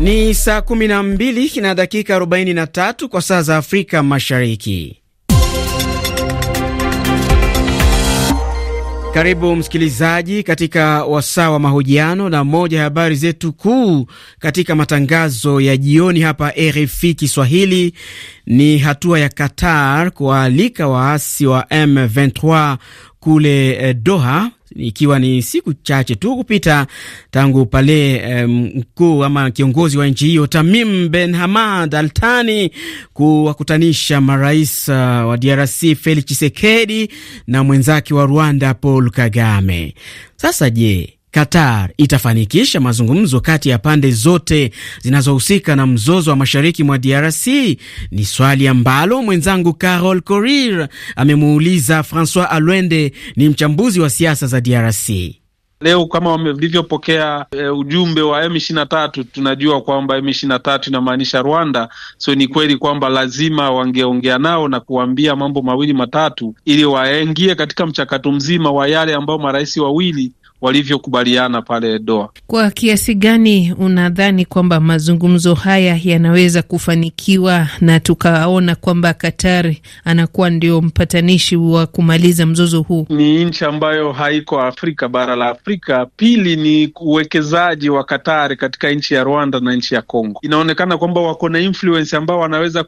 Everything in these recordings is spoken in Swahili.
Ni saa 12 na dakika 43 kwa saa za Afrika Mashariki. Karibu msikilizaji katika wasaa wa mahojiano, na moja ya habari zetu kuu katika matangazo ya jioni hapa RFI Kiswahili ni hatua ya Qatar kuwaalika waasi wa M23 kule eh, Doha ikiwa ni siku chache tu kupita tangu pale mkuu um, ama kiongozi wa nchi hiyo Tamim Ben Hamad Altani kuwakutanisha marais uh, wa DRC Felix chisekedi na mwenzake wa Rwanda Paul Kagame. Sasa je, Qatar itafanikisha mazungumzo kati ya pande zote zinazohusika na mzozo wa mashariki mwa DRC ni swali ambalo mwenzangu Carol Korir amemuuliza Francois Alwende, ni mchambuzi wa siasa za DRC. Leo kama walivyopokea e, ujumbe wa M23, tunajua kwamba M23 inamaanisha Rwanda, so ni kweli kwamba lazima wangeongea nao na kuambia mambo mawili matatu, ili waingie katika mchakato mzima wa yale ambayo marais wawili walivyokubaliana pale Doha. Kwa kiasi gani unadhani kwamba mazungumzo haya yanaweza kufanikiwa na tukaona kwamba Katari anakuwa ndio mpatanishi wa kumaliza mzozo huu? Ni nchi ambayo haiko Afrika, bara la Afrika. Pili ni uwekezaji wa Katari katika nchi ya Rwanda na nchi ya Kongo. Inaonekana kwamba wako na influence ambao wanaweza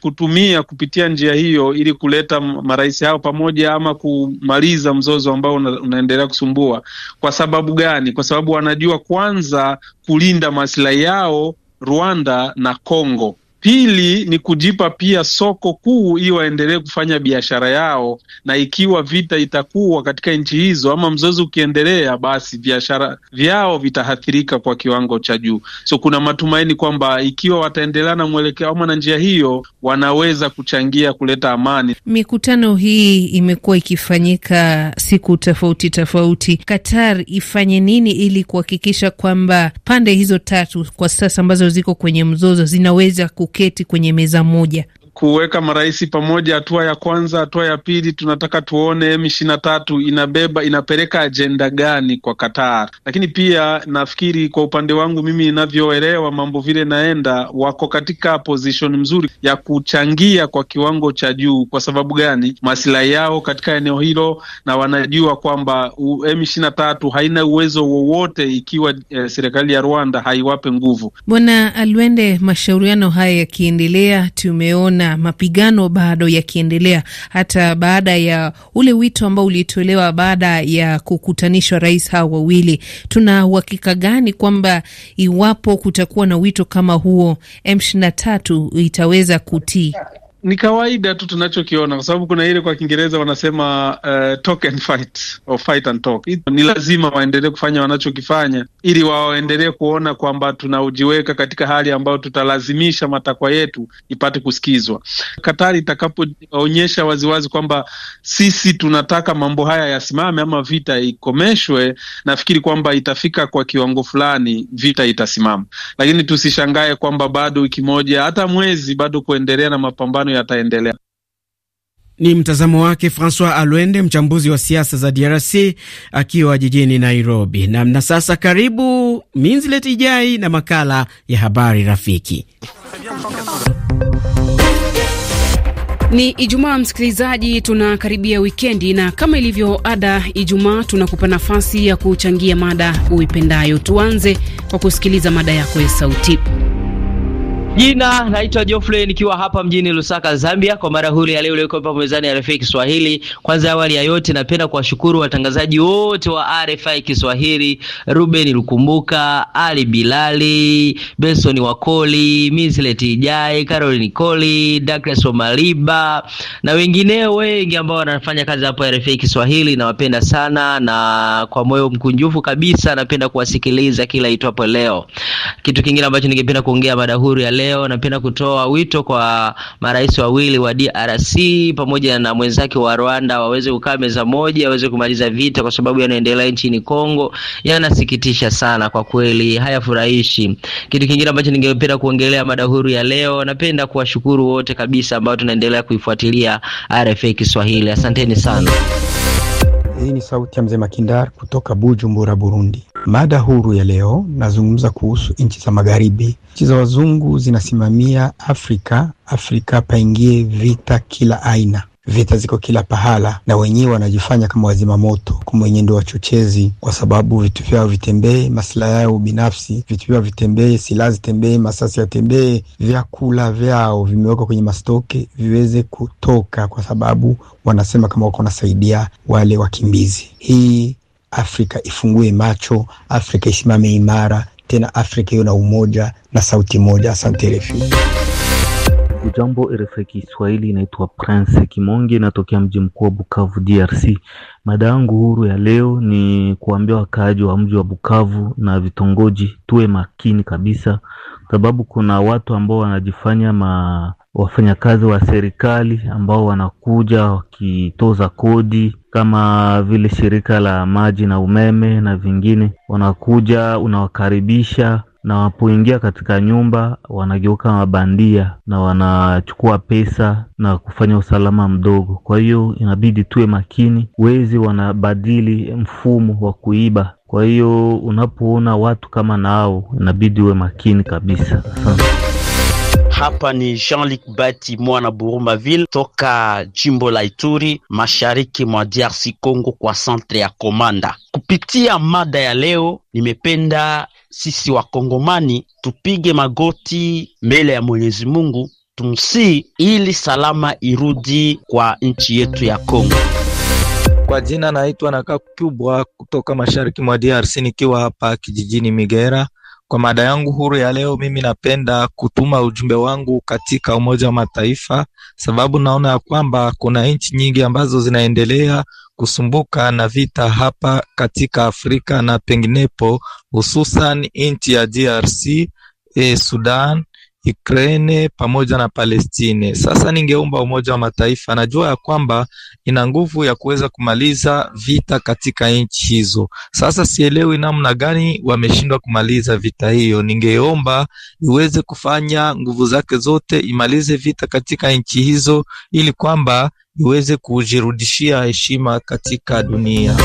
kutumia kupitia njia hiyo ili kuleta marais hao pamoja ama kumaliza mzozo ambao una, unaendelea kusumbua kwa sababu gani? Kwa sababu wanajua kwanza kulinda maslahi yao Rwanda na Kongo Pili ni kujipa pia soko kuu, ili waendelee kufanya biashara yao, na ikiwa vita itakuwa katika nchi hizo ama mzozo ukiendelea, basi biashara vyao vitaathirika kwa kiwango cha juu. So kuna matumaini kwamba ikiwa wataendelea na mwelekeo ama na njia hiyo, wanaweza kuchangia kuleta amani. Mikutano hii imekuwa ikifanyika siku tofauti tofauti. Qatar ifanye nini ili kuhakikisha kwamba pande hizo tatu kwa sasa ambazo ziko kwenye mzozo zinaweza ku kuketi kwenye meza moja kuweka marais pamoja, hatua ya kwanza, hatua ya pili, tunataka tuone M ishirini na tatu inabeba inapeleka ajenda gani kwa Qatar. Lakini pia nafikiri kwa upande wangu mimi inavyoelewa mambo vile naenda, wako katika position mzuri ya kuchangia kwa kiwango cha juu. Kwa sababu gani? Masilahi yao katika eneo hilo, na wanajua kwamba M ishirini na tatu haina uwezo wowote ikiwa eh, serikali ya Rwanda haiwape nguvu. Bwana Alwende, mashauriano haya yakiendelea, tumeona mapigano bado yakiendelea hata baada ya ule wito ambao ulitolewa baada ya kukutanishwa rais hao wawili. Tuna uhakika gani kwamba iwapo kutakuwa na wito kama huo M23 itaweza kutii? ni kawaida tu tunachokiona, kwa sababu kuna ile kwa Kiingereza wanasema uh, talk and fight or fight and talk. Ni lazima waendelee kufanya wanachokifanya ili waendelee kuona kwamba tunaujiweka katika hali ambayo tutalazimisha matakwa yetu ipate kusikizwa. Katari itakapoonyesha waziwazi kwamba sisi tunataka mambo haya yasimame ama vita ikomeshwe, nafikiri kwamba itafika kwa kiwango fulani vita itasimama, lakini tusishangae kwamba bado wiki moja hata mwezi bado kuendelea na mapambano maandamano yataendelea. Ni mtazamo wake Francois Alwende, mchambuzi wa siasa za DRC akiwa jijini Nairobi. Namna sasa, karibu Minzlet Ijai na makala ya habari rafiki. Ni Ijumaa, msikilizaji, tunakaribia wikendi, na kama ilivyo ada, Ijumaa tunakupa nafasi ya kuchangia mada uipendayo. Tuanze kwa kusikiliza mada yako ya sauti. Jina naitwa Geoffrey nikiwa hapa mjini Lusaka, Zambia. Kwa mara huli ya leo leo kwa mezani ya RFI Kiswahili. Kwanza awali ya yote, napenda kuwashukuru watangazaji wote wa RFI Kiswahili, Ruben Lukumbuka, Ali Bilali, Benson Wakoli, Mislet Ijai, Caroline Nicole, Douglas Omaliba na wengineo wengi ambao wanafanya kazi hapa RFI Kiswahili. Nawapenda sana na kwa moyo mkunjufu kabisa napenda kuwasikiliza kila itwapo leo. Kitu kingine ambacho ningependa kuongea mada huru ya leo leo napenda kutoa wito kwa marais wawili wa DRC pamoja na mwenzake wa Rwanda waweze kukaa meza moja, waweze kumaliza vita, kwa sababu yanaendelea nchini Kongo yanasikitisha sana kwa kweli, hayafurahishi. Kitu kingine ambacho ningependa kuongelea mada huru ya leo, napenda kuwashukuru wote kabisa ambao tunaendelea kuifuatilia RFA Kiswahili. Asanteni sana. Hii ni sauti ya mzee Makindar kutoka Bujumbura, Burundi. Mada huru ya leo nazungumza kuhusu nchi za magharibi. Nchi za wazungu zinasimamia Afrika, Afrika paingie vita kila aina. Vita ziko kila pahala, na wenyewe wanajifanya kama wazima moto, kama wenyewe ndio wachochezi, kwa sababu vitu vyao vitembee, masilaha yao binafsi, vitu vyao vitembee, silaha zitembee, masasi yatembee, vyakula vyao vimewekwa kwenye mastoke viweze kutoka, kwa sababu wanasema kama wako wanasaidia wale wakimbizi. Hii Afrika ifungue macho, Afrika isimame imara, tena Afrika iwe na umoja na sauti moja. Asante RFI. Ujambo RFI Kiswahili, inaitwa Prince Kimonge, inatokea mji mkuu wa Bukavu, DRC. Mada yangu huru ya leo ni kuambia wakaaji wa mji wa Bukavu na vitongoji tuwe makini kabisa, sababu kuna watu ambao wanajifanya ma wafanyakazi wa serikali ambao wanakuja wakitoza kodi kama vile shirika la maji na umeme na vingine, wanakuja unawakaribisha, na wanapoingia katika nyumba wanageuka mabandia na wanachukua pesa na kufanya usalama mdogo. Kwa hiyo inabidi tuwe makini, wezi wanabadili mfumo wa kuiba. Kwa hiyo unapoona watu kama nao, inabidi uwe makini kabisa. Asante. Hapa ni Jean-Luc Bati mwana Burumaville toka jimbo la Ituri mashariki mwa DRC Congo kwa centre ya Komanda. Kupitia mada ya leo, nimependa sisi wakongomani tupige magoti mbele ya Mwenyezi Mungu tumsii ili salama irudi kwa nchi yetu ya congo Kwa jina naitwa Nakakubwa kutoka mashariki mwa DRC nikiwa hapa kijijini Migera. Kwa mada yangu huru ya leo, mimi napenda kutuma ujumbe wangu katika Umoja wa Mataifa, sababu naona ya kwamba kuna nchi nyingi ambazo zinaendelea kusumbuka na vita hapa katika Afrika na penginepo, hususan nchi ya DRC, eh, Sudan Ukraine pamoja na Palestine. Sasa ningeomba Umoja wa Mataifa, najua ya kwamba ina nguvu ya kuweza kumaliza vita katika nchi hizo. Sasa sielewi namna gani wameshindwa kumaliza vita hiyo. Ningeomba iweze kufanya nguvu zake zote imalize vita katika nchi hizo, ili kwamba iweze kujirudishia heshima katika dunia.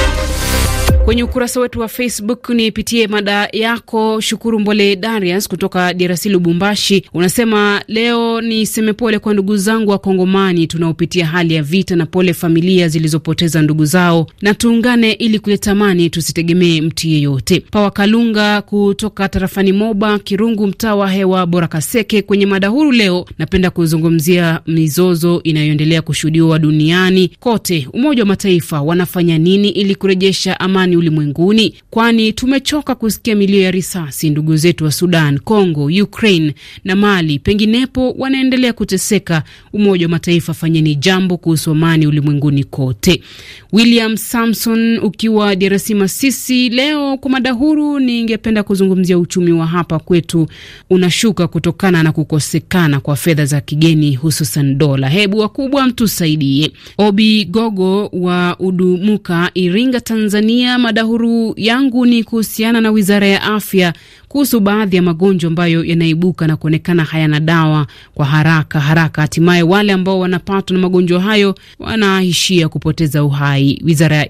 Kwenye ukurasa wetu wa Facebook nipitie mada yako. Shukuru Mbole Darius kutoka DRC Lubumbashi unasema leo niseme pole kwa ndugu zangu wa Kongomani tunaopitia hali ya vita, na pole familia zilizopoteza ndugu zao, na tuungane ili kuleta amani, tusitegemee mtu yeyote. Pawa Kalunga kutoka tarafani Moba Kirungu, mtaa wa hewa Bora Kaseke, kwenye mada huru leo napenda kuzungumzia mizozo inayoendelea kushuhudiwa duniani kote. Umoja wa Mataifa wanafanya nini ili kurejesha amani amani ulimwenguni, kwani tumechoka kusikia milio ya risasi. Ndugu zetu wa Sudan, Congo, Ukraine na Mali penginepo wanaendelea kuteseka. Umoja wa Mataifa, fanyeni jambo kuhusu amani ulimwenguni kote. William Samson ukiwa DRC Masisi, leo kwa mada huru, ningependa kuzungumzia uchumi wa hapa kwetu unashuka kutokana na kukosekana kwa fedha za kigeni hususan dola. Hebu wakubwa mtusaidie. Obi Gogo wa Udumuka, Iringa, Tanzania mada huru yangu ni kuhusiana na wizara ya afya kuhusu baadhi ya magonjwa ambayo yanaibuka na kuonekana hayana dawa kwa haraka haraka. Hatimaye wale ambao wanapatwa na magonjwa hayo wanaishia kupoteza uhai. Wizara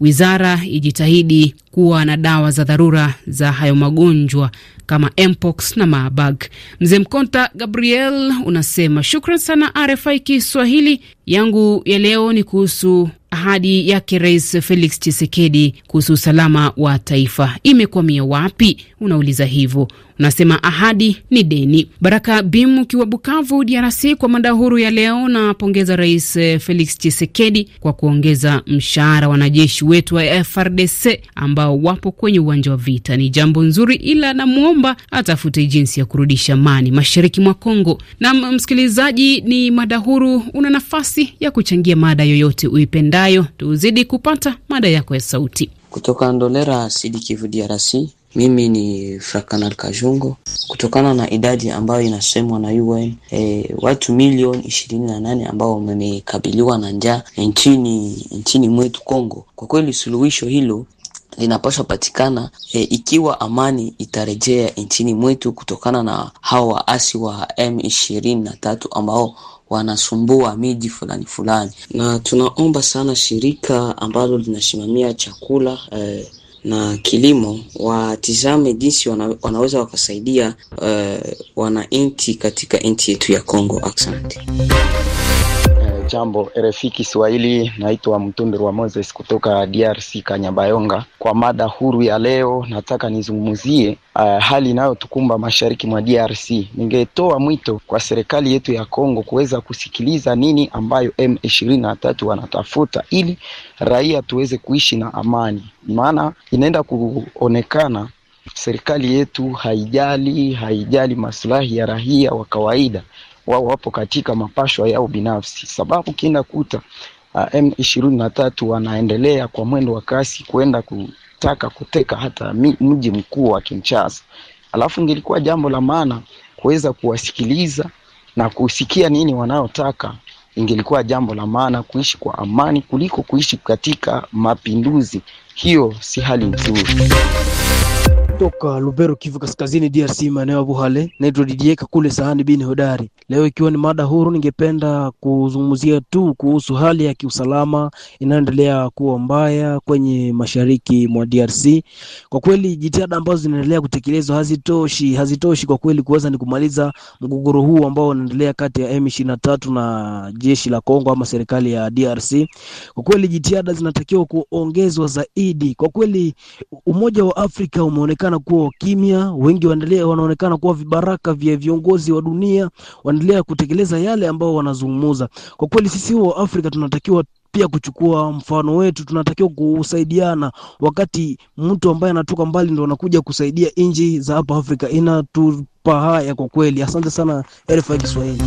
wizara ijitahidi kuwa na dawa za dharura za hayo magonjwa kama mpox na Marburg. Mzee Mkonta Gabriel unasema shukran sana RFI Kiswahili. Yangu ya leo ni kuhusu ahadi yake Rais Felix chisekedi kuhusu usalama wa taifa imekwamia wapi? Unauliza hivyo, unasema ahadi ni deni. Baraka Bimu ukiwa Bukavu, DRC, kwa mada huru ya leo, napongeza Rais Felix chisekedi kwa kuongeza mshahara wanajeshi wetu wa FRDC ambao wapo kwenye uwanja wa vita, ni jambo nzuri, ila namuomba Lumumba atafute jinsi ya kurudisha amani mashariki mwa Kongo. Na msikilizaji, ni mada huru, una nafasi ya kuchangia mada yoyote uipendayo. Tuzidi kupata mada yako ya sauti kutoka Ndolera Sidi DRC. Mimi ni Frakanal Kajungo. Kutokana na idadi ambayo inasemwa na UN e, watu milioni ishirini na nane ambao wamekabiliwa na njaa nchini nchini mwetu Kongo, kwa kweli suluhisho hilo linapaswa patikana e, ikiwa amani itarejea nchini mwetu kutokana na hao waasi wa M23 ambao wanasumbua miji fulani fulani, na tunaomba sana shirika ambalo linasimamia chakula e, na kilimo watizame jinsi wana, wanaweza wakasaidia e, wananchi katika nchi yetu ya Kongo. Asante. Jambo RFI Kiswahili, naitwa Mtundu wa Moses kutoka DRC Kanyabayonga. Kwa mada huru ya leo, nataka nizungumzie uh, hali inayotukumba mashariki mwa DRC. Ningetoa mwito kwa serikali yetu ya Kongo kuweza kusikiliza nini ambayo M23 wanatafuta, ili raia tuweze kuishi na amani, maana inaenda kuonekana serikali yetu haijali haijali maslahi ya raia wa kawaida wao wapo katika mapashwa yao binafsi, sababu kienda kuta uh, ah, M23 wanaendelea kwa mwendo wa kasi kwenda kutaka kuteka hata mji mkuu wa Kinshasa. Alafu ngelikuwa jambo la maana kuweza kuwasikiliza na kusikia nini wanayotaka ingelikuwa jambo la maana kuishi kwa amani kuliko kuishi katika mapinduzi. Hiyo si hali nzuri. Toka Lubero, Kivu Kaskazini, DRC, maeneo ya Buhale, naitwa Didieka kule sahani bini hodari. Leo ikiwa ni mada huru, ningependa kuzungumzia tu kuhusu hali ya kiusalama inayoendelea kuwa mbaya kwenye mashariki mwa DRC. Kwa kweli jitihada ambazo zinaendelea kutekelezwa hazitoshi, hazitoshi kwa kweli kuweza ni kumaliza mgogoro huu ambao unaendelea kati ya M23 na jeshi la Kongo ama serikali ya DRC. Kwa kweli jitihada zinatakiwa kuongezwa zaidi. Kwa kweli Umoja wa Afrika umeonekana wanaonekana kuwa wakimya, wengi wanaonekana kuwa vibaraka vya viongozi wa dunia, wanaendelea kutekeleza yale ambao wanazungumza. Kwa kweli sisi wa Afrika tunatakiwa pia kuchukua mfano wetu, tunatakiwa kusaidiana. Wakati mtu ambaye anatoka mbali ndo anakuja kusaidia nchi za hapa Afrika, inatupa haya kwa kweli. Asante sana RFI Kiswahili.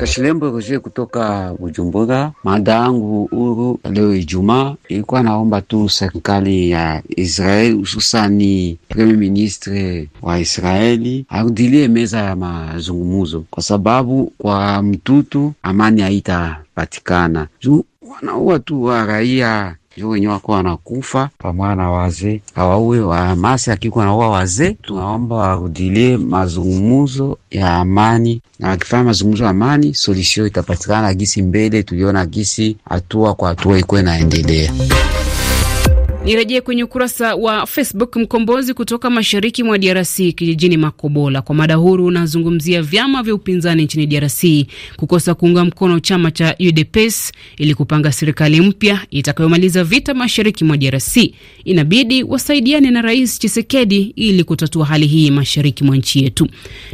Kashilembo Roje kutoka Bujumbura. Mada yangu huru leo Ijumaa ilikuwa naomba tu serikali ya Israeli hususani premier ministre wa Israeli arudilie meza ya mazungumuzo, kwa sababu kwa mtutu amani haitapatikana juu wanaua tu wa raia juu wenyewe wako wanakufa pamoja na wazee, hawaue wamasi akikuwa naua wazee. Tunaomba warudilie mazungumuzo ya amani, na wakifanya mazungumuzo ya amani, solusio itapatikana na gisi mbele tuliona gisi hatua kwa hatua ikuwe naendelea. Nirejee kwenye ukurasa wa Facebook. Mkombozi kutoka mashariki mwa DRC kijijini Makobola, kwa mada huru unazungumzia vyama vya upinzani nchini DRC kukosa kuunga mkono chama cha UDPS ili kupanga serikali mpya itakayomaliza vita mashariki mwa DRC. Inabidi wasaidiane na Rais Chisekedi ili kutatua hali hii mashariki mwa nchi yetu.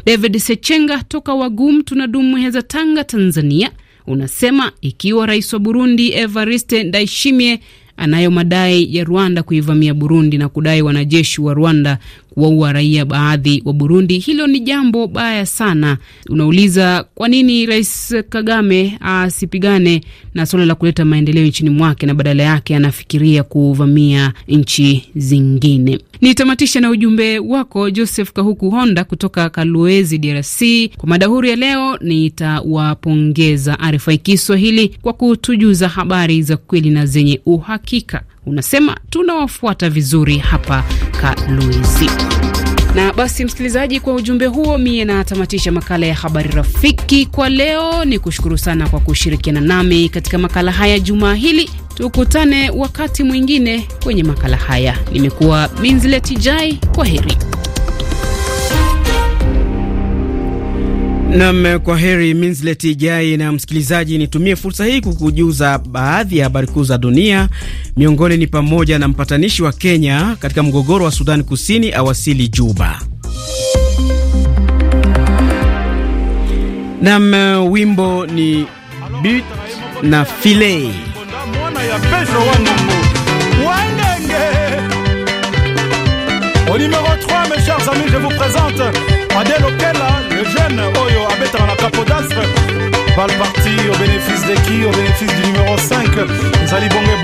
David Sechenga toka Wagum tunadumu Heza, Tanga, Tanzania, unasema ikiwa rais wa Burundi Evariste Ndayishimiye anayo madai ya Rwanda kuivamia Burundi na kudai wanajeshi wa Rwanda waua raia baadhi wa Burundi. Hilo ni jambo baya sana. Unauliza kwa nini Rais Kagame asipigane na suala la kuleta maendeleo nchini mwake na badala yake anafikiria kuvamia nchi zingine. Nitamatisha na ujumbe wako Joseph Kahuku Honda kutoka Kaluezi, DRC. Kwa madahuri ya leo, nitawapongeza RFI Kiswahili kwa kutujuza habari za kweli na zenye uhakika. Unasema tunawafuata vizuri hapa Baraka Luizi. Na basi msikilizaji, kwa ujumbe huo, mie natamatisha makala ya habari rafiki kwa leo. Ni kushukuru sana kwa kushirikiana nami katika makala haya jumaa hili. Tukutane wakati mwingine kwenye makala haya. Nimekuwa Minzileti Jai, kwa heri. Nam, kwa heri Minslet Ijai. Na msikilizaji, nitumie fursa hii kukujuza baadhi ya habari kuu za dunia. Miongoni ni pamoja na mpatanishi wa Kenya katika mgogoro wa Sudan Kusini awasili Juba. Nam, wimbo ni but na file le jeune Oyo abetaka na va le parti au bénéfice de qui au bénéfice du numéro 5 Zali Bongé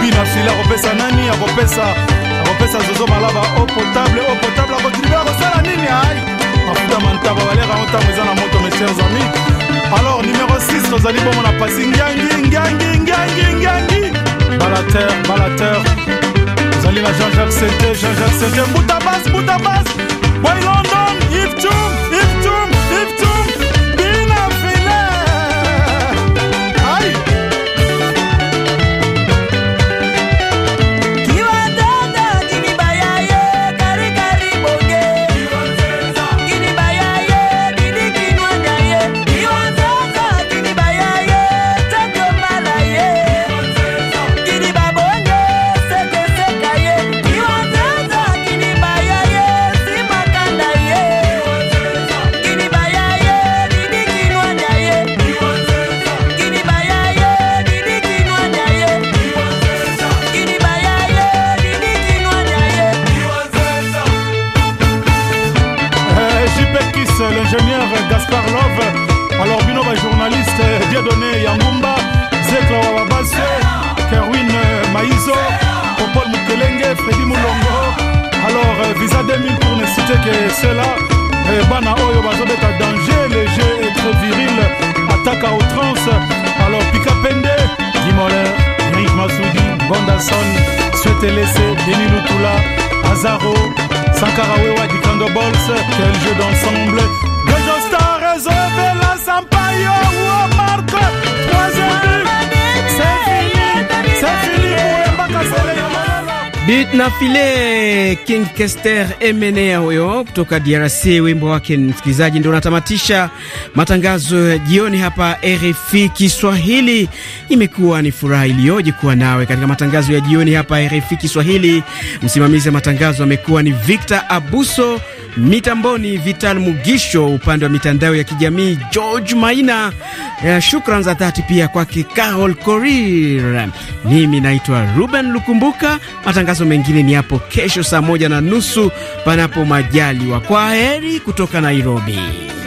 bina fila nani zozo malaba eau potable eau potable nini moto mes chers amis alors numéro 6 a passé na pasi Ngangi, Ngangi, Ngangi, Ngangi, balater balater jean-jacques allons jean-jacques bas, buta basse Why London? If tomb, if tomb. taka au trance alors pikapende dimoleur rik masoudi bondason suetelese deni lutula azaro sankarawewa dikando bols quel jeu d'ensemble le jostar zovelassampayo wo marque troisième Bit na file King Kester Emenea huyo kutoka DRC, wimbo wake msikilizaji. Ndio unatamatisha matangazo ya jioni hapa RFI Kiswahili. Imekuwa ni furaha iliyoje kuwa nawe katika matangazo ya jioni hapa RFI Kiswahili. Msimamizi wa matangazo amekuwa ni Victor Abuso. Mitamboni Vital Mugisho, upande wa mitandao ya kijamii George Maina. Eh, shukran za dhati pia kwake Carol Korir. Mimi naitwa Ruben Lukumbuka. Matangazo mengine ni hapo kesho saa moja na nusu panapo majaliwa. Kwa heri kutoka Nairobi.